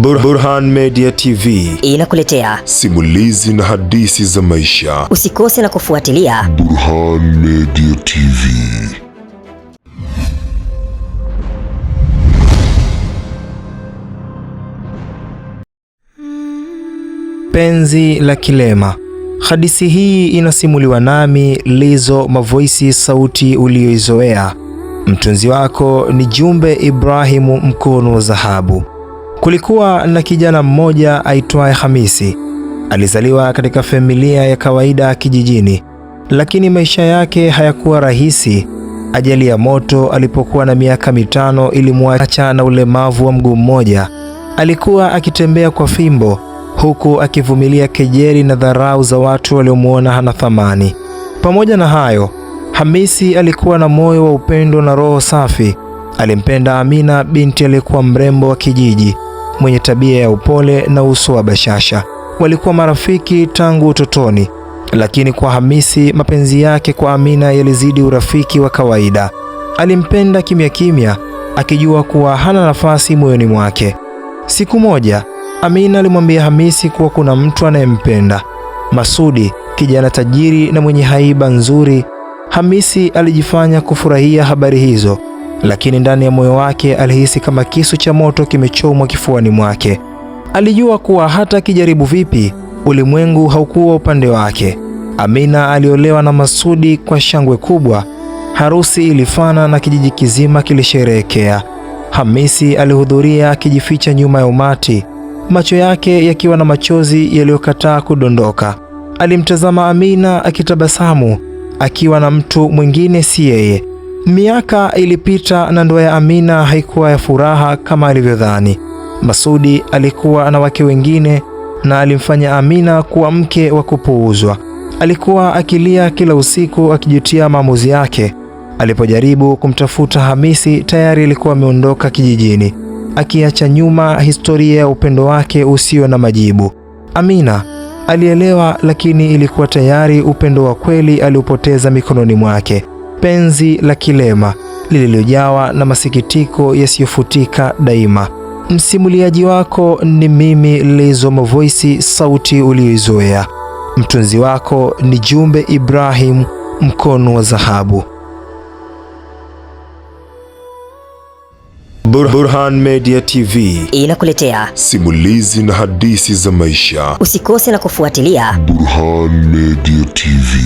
Burhan Media TV inakuletea simulizi na hadithi za maisha. Usikose na kufuatilia Burhan Media TV. Penzi la Kilema. Hadithi hii inasimuliwa nami Lizo Mavoisi, sauti uliyoizoea. Mtunzi wako ni Jumbe Ibrahimu, mkono wa dhahabu. Kulikuwa na kijana mmoja aitwaye Hamisi. Alizaliwa katika familia ya kawaida kijijini, lakini maisha yake hayakuwa rahisi. Ajali ya moto alipokuwa na miaka mitano ilimwacha na ulemavu wa mguu mmoja. Alikuwa akitembea kwa fimbo, huku akivumilia kejeli na dharau za watu waliomwona hana thamani. Pamoja na hayo, Hamisi alikuwa na moyo wa upendo na roho safi. Alimpenda Amina, binti aliyekuwa mrembo wa kijiji mwenye tabia ya upole na uso wa bashasha. Walikuwa marafiki tangu utotoni, lakini kwa Hamisi mapenzi yake kwa Amina yalizidi urafiki wa kawaida. Alimpenda kimya kimya, akijua kuwa hana nafasi moyoni mwake. Siku moja Amina alimwambia Hamisi kuwa kuna mtu anayempenda Masudi, kijana tajiri na mwenye haiba nzuri. Hamisi alijifanya kufurahia habari hizo, lakini ndani ya moyo wake alihisi kama kisu cha moto kimechomwa kifuani mwake. Alijua kuwa hata akijaribu vipi, ulimwengu haukuwa upande wake. Amina aliolewa na Masudi kwa shangwe kubwa. Harusi ilifana na kijiji kizima kilisherehekea. Hamisi alihudhuria akijificha nyuma ya umati, macho yake yakiwa na machozi yaliyokataa kudondoka. Alimtazama Amina akitabasamu, akiwa na mtu mwingine si yeye. Miaka ilipita na ndoa ya Amina haikuwa ya furaha kama alivyodhani. Masudi alikuwa na wake wengine na alimfanya Amina kuwa mke wa kupuuzwa. Alikuwa akilia kila usiku akijutia maamuzi yake. Alipojaribu kumtafuta Hamisi, tayari alikuwa ameondoka kijijini, akiacha nyuma historia ya upendo wake usio na majibu. Amina alielewa, lakini ilikuwa tayari upendo wa kweli aliupoteza mikononi mwake penzi la kilema lililojawa na masikitiko yasiyofutika daima. Msimuliaji wako ni mimi Lizo mavoisi sauti uliyoizoea. Mtunzi wako ni Jumbe Ibrahim, mkono wa dhahabu. Burhan Media TV inakuletea simulizi na hadithi za maisha. Usikose na kufuatilia Burhan Media TV.